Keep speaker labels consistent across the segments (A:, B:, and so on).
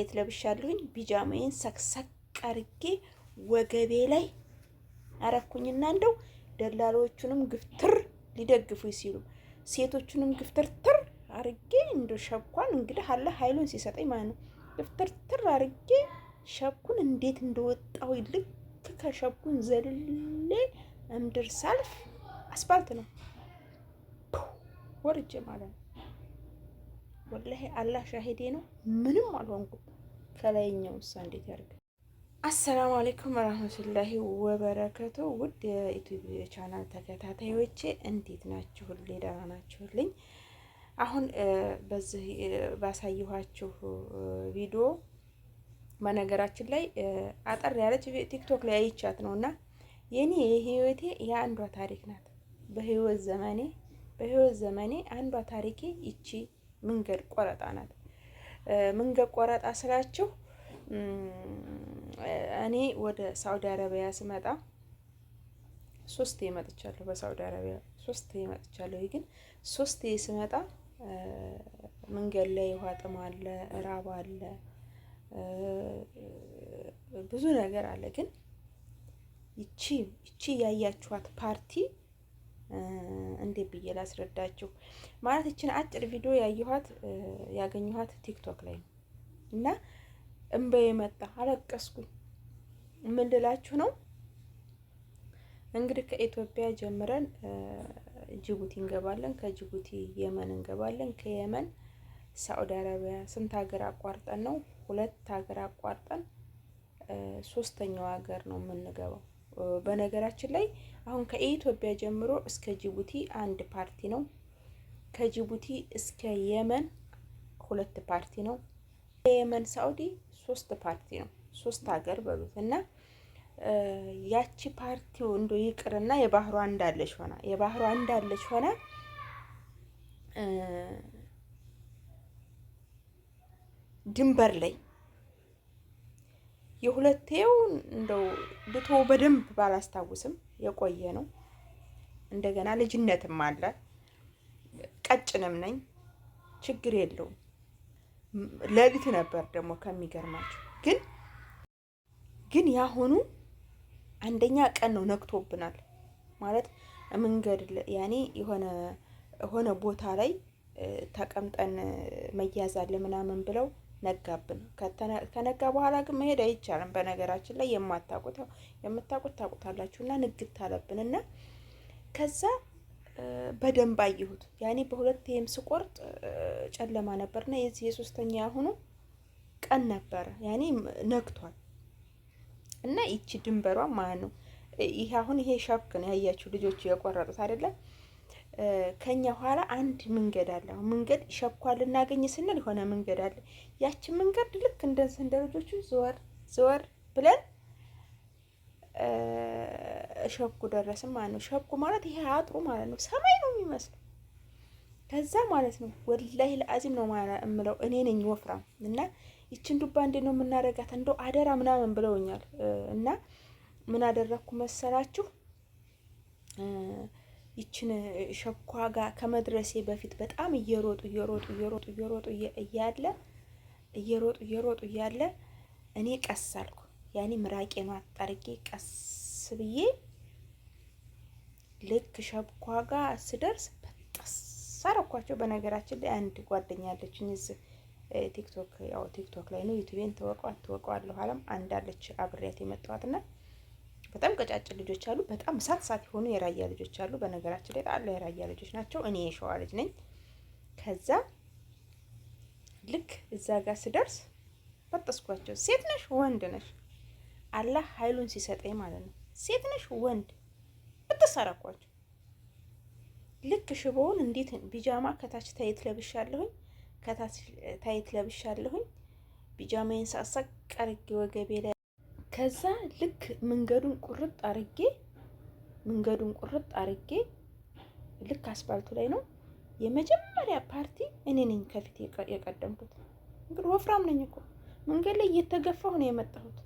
A: ላይት ለብሻለሁኝ። ቢጃማዬን ሰክሰቅ አርጌ ወገቤ ላይ አረኩኝና እንደው ደላሎቹንም ግፍትር ሊደግፉ ሲሉ ሴቶቹንም ግፍትር ትር አርጌ እንደ ሸብኳን እንግዲህ አለ ኃይሉን ሲሰጠኝ ማለት ነው። ግፍትር ትር አርጌ ሸብኩን እንዴት እንደወጣው ልክ ከሸብኩን ዘልሌ እምድር ሳልፍ አስፋልት ነው ወርጄ ማለት ነው። ወላሂ አላህ ሻሂዴ ነው። ምንም አልሆንኩም። ከላይኛው እሷ እንዴት ያርግ። አሰላሙ አሌይኩም ወራህመቱላሂ ወበረከቱ። ውድ የዩቱብ ቻናል ተከታታዮቼ እንዴት ናችሁልኝ? ደህና ናችሁልኝ? አሁን በዚህ ባሳየኋችሁ ቪዲዮ በነገራችን ላይ አጠር ያለች ቲክቶክ ላይ አይቻት ነው እና የኔ የህይወቴ የአንዷ ታሪክ ናት። በህይወት ዘመኔ በህይወት ዘመኔ አንዷ ታሪኬ ይቺ መንገድ ቆረጣ ናት። መንገድ ቆረጣ ስላችሁ እኔ ወደ ሳውዲ አረቢያ ስመጣ ሶስት መጥቻለሁ። በሳውዲ አረቢያ ሶስት መጥቻለሁ። ግን ሶስት ስመጣ መንገድ ላይ ውሃ ጥም አለ፣ እራብ አለ፣ ብዙ ነገር አለ። ግን ይቺ ይቺ ያያችኋት ፓርቲ እንዴት ብዬ ላስረዳችሁ? ማለት እችን አጭር ቪዲዮ ያየኋት ያገኘኋት ቲክቶክ ላይ ነው እና እምባ የመጣ አለቀስኩኝ። ምን ልላችሁ ነው እንግዲህ ከኢትዮጵያ ጀምረን ጅቡቲ እንገባለን፣ ከጅቡቲ የመን እንገባለን፣ ከየመን ሳዑዲ አረቢያ ስንት ሀገር አቋርጠን ነው? ሁለት ሀገር አቋርጠን ሶስተኛው ሀገር ነው የምንገባው። በነገራችን ላይ አሁን ከኢትዮጵያ ጀምሮ እስከ ጅቡቲ አንድ ፓርቲ ነው። ከጅቡቲ እስከ የመን ሁለት ፓርቲ ነው። የመን ሳኡዲ ሶስት ፓርቲ ነው። ሶስት ሀገር በሉት እና ያቺ ፓርቲው እንዶ ይቅርና የባህሯ እንዳለች ሆና የባህሯ እንዳለች ሆና ድንበር ላይ የሁለቴው እንደው ብቶ በደንብ ባላስታውስም የቆየ ነው። እንደገና ልጅነትም አለ። ቀጭንም ነኝ፣ ችግር የለውም። ለሊት ነበር ደግሞ ከሚገርማችሁ ግን ግን ያሁኑ አንደኛ ቀን ነው ነክቶብናል። ማለት መንገድ ያኔ የሆነ የሆነ ቦታ ላይ ተቀምጠን መያዝ አለ ምናምን ብለው ነጋብን። ከነጋ በኋላ ግን መሄድ አይቻልም። በነገራችን ላይ የማታቁት የምታቁት ታቁታላችሁ። እና ንግት አለብን እና ከዛ በደንብ አየሁት። ያኔ በሁለት ይህም ስቆርጥ ጨለማ ነበርና የዚህ የሶስተኛ ያሁኑ ቀን ነበረ። ያኔ ነግቷል እና ይቺ ድንበሯ ማለት ነው። ይሄ አሁን ይሄ ሻብክ ነው ያያችሁ ልጆቹ የቆረጡት አይደለም። ከኛ ኋላ አንድ መንገድ አለ። አሁን መንገድ ሸኳ ልናገኝ ስንል የሆነ መንገድ አለ። ያችን መንገድ ልክ እንደንስ እንደ ልጆቹ ዘወር ዘወር ብለን ሸኩ ደረስን ማለት ነው። ሸኩ ማለት ይሄ አጥሩ ማለት ነው። ሰማይ ነው የሚመስለው። ከዛ ማለት ነው ወላሂ ለአዚም ነው የምለው እኔ ነኝ ወፍራም እና ይችን ዱባ እንዴት ነው የምናደርጋት? እንደው አደራ ምናምን ብለውኛል እና ምን አደረግኩ መሰላችሁ ይችን ሸኳ ጋር ከመድረሴ በፊት በጣም እየሮጡ እየሮጡ እየሮጡ እየሮጡ እያለ እየሮጡ እየሮጡ እያለ እኔ ቀስ አልኩ። ያኔ ምራቄን አጣርጌ ቀስ ብዬ ልክ ሸኳ ጋር ስደርስ በጣስ አረኳቸው። በነገራችን ላይ አንድ ጓደኛ አለችኝ እዚህ ቲክቶክ ያው ቲክቶክ ላይ ነው ዩቲቤን ተወቀው ተወቀዋለሁ አለም አንዳለች አብሬያት የመጣኋትና በጣም ቀጫጭን ልጆች አሉ። በጣም እሳት ሳት የሆኑ የራያ ልጆች አሉ። በነገራችን ላይ ጣሉ የራያ ልጆች ናቸው። እኔ የሸዋ ልጅ ነኝ። ከዛ ልክ እዛ ጋር ስደርስ በጠስኳቸው። ሴት ነሽ ወንድ ነሽ? አላህ ኃይሉን ሲሰጠኝ ማለት ነው። ሴት ነሽ ወንድ? በጠስ አረኳቸው። ልክ ሽቦውን እንዴት ቢጃማ ከታች ታየት ለብሻለሁኝ፣ ከታች ታየት ለብሻለሁኝ። ቢጃማዬን ሳሳቅ ቀርጌ ወገቤ ላይ ከዛ ልክ መንገዱን ቁርጥ አርጌ መንገዱን ቁርጥ አርጌ ልክ አስፋልቱ ላይ ነው የመጀመሪያ ፓርቲ እኔ ነኝ ከፊት የቀደምኩት። እንግዲህ ወፍራም ነኝ እኮ መንገድ ላይ እየተገፋሁ ነው የመጣሁት።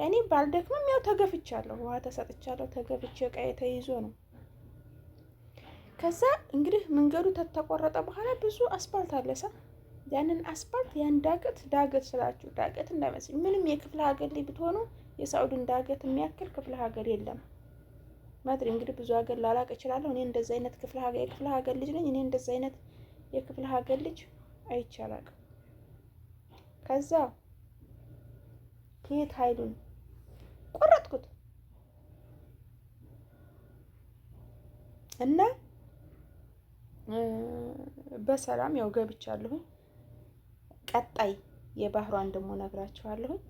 A: ያኔ ባልደክምም ያው ተገፍቻለሁ፣ ውሃ ተሰጥቻለሁ። ተገፍቼ ዕቃዬ ተይዞ ነው። ከዛ እንግዲህ መንገዱ ከተቆረጠ በኋላ ብዙ አስፋልት አለሳ ያንን አስፓልት ያን ዳገት ዳገት ስላችሁ ዳገት እንዳይመስል ምንም የክፍለ ሀገር ላይ ብትሆኑ የሳዑድን ዳገት የሚያክል ክፍለ ሀገር የለም። ማድሪ እንግዲህ ብዙ ሀገር ላላቅ እችላለሁ። እኔ እንደዚ አይነት ክፍለ ሀገር የክፍለ ሀገር ልጅ ነኝ። እኔ እንደዚ አይነት የክፍለ ሀገር ልጅ አይቻላቅም። ከዛ ከየት ኃይሉን ቆረጥኩት እና በሰላም ያው ገብቻለሁኝ። ቀጣይ የባህሯን ደግሞ ነግራችኋለሁኝ።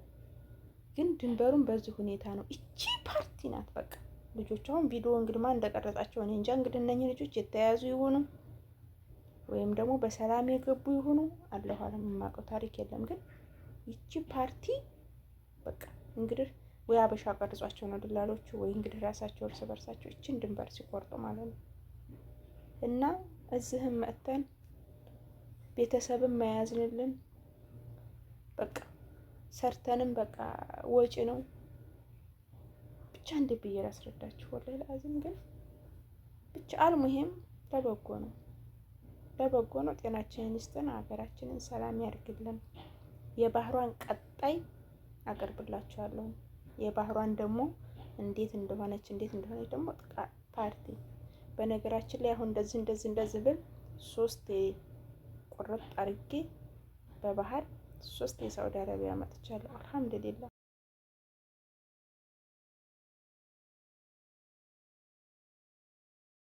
A: ግን ድንበሩን በዚህ ሁኔታ ነው። እቺ ፓርቲ ናት በቃ ልጆች። አሁን ቪዲዮ እንግዲህ ማን እንደቀረጻቸው እኔ እንጃ። እንግዲህ እነኚህ ልጆች የተያዙ ይሆኑ ወይም ደግሞ በሰላም የገቡ ይሆኑ አለሁ አለም የማውቀው ታሪክ የለም። ግን ይቺ ፓርቲ በቃ እንግዲህ ወይ አበሻ ቀርጿቸው ነው ድላሎቹ፣ ወይ እንግዲህ ራሳቸው እርስ በርሳቸው እችን ድንበር ሲቆርጡ ማለት ነው። እና እዚህም መጥተን ቤተሰብም መያዝንልን ሰርተንም በቃ ወጪ ነው ብቻ እንዴት ብዬ ላስረዳችሁ። ወላሂ ለአዚም ግን ብቻ አልሙሄም ለበጎ ነው ለበጎ ነው። ጤናችንን ይስጥን፣ ሀገራችንን ሰላም ያድርግልን። የባህሯን ቀጣይ አቅርብላችኋለሁ የባህሯን ደግሞ እንዴት እንደሆነች እንዴት እንደሆነች ደግሞ ፓርቲ በነገራችን ላይ አሁን እንደዚህ እንደዚህ እንደዚህ ብል ሶስት ቁርጥ አርጌ በባህር ሶስት የሳውዲ አረቢያ መጥቻለሁ። አልሐምዱሊላ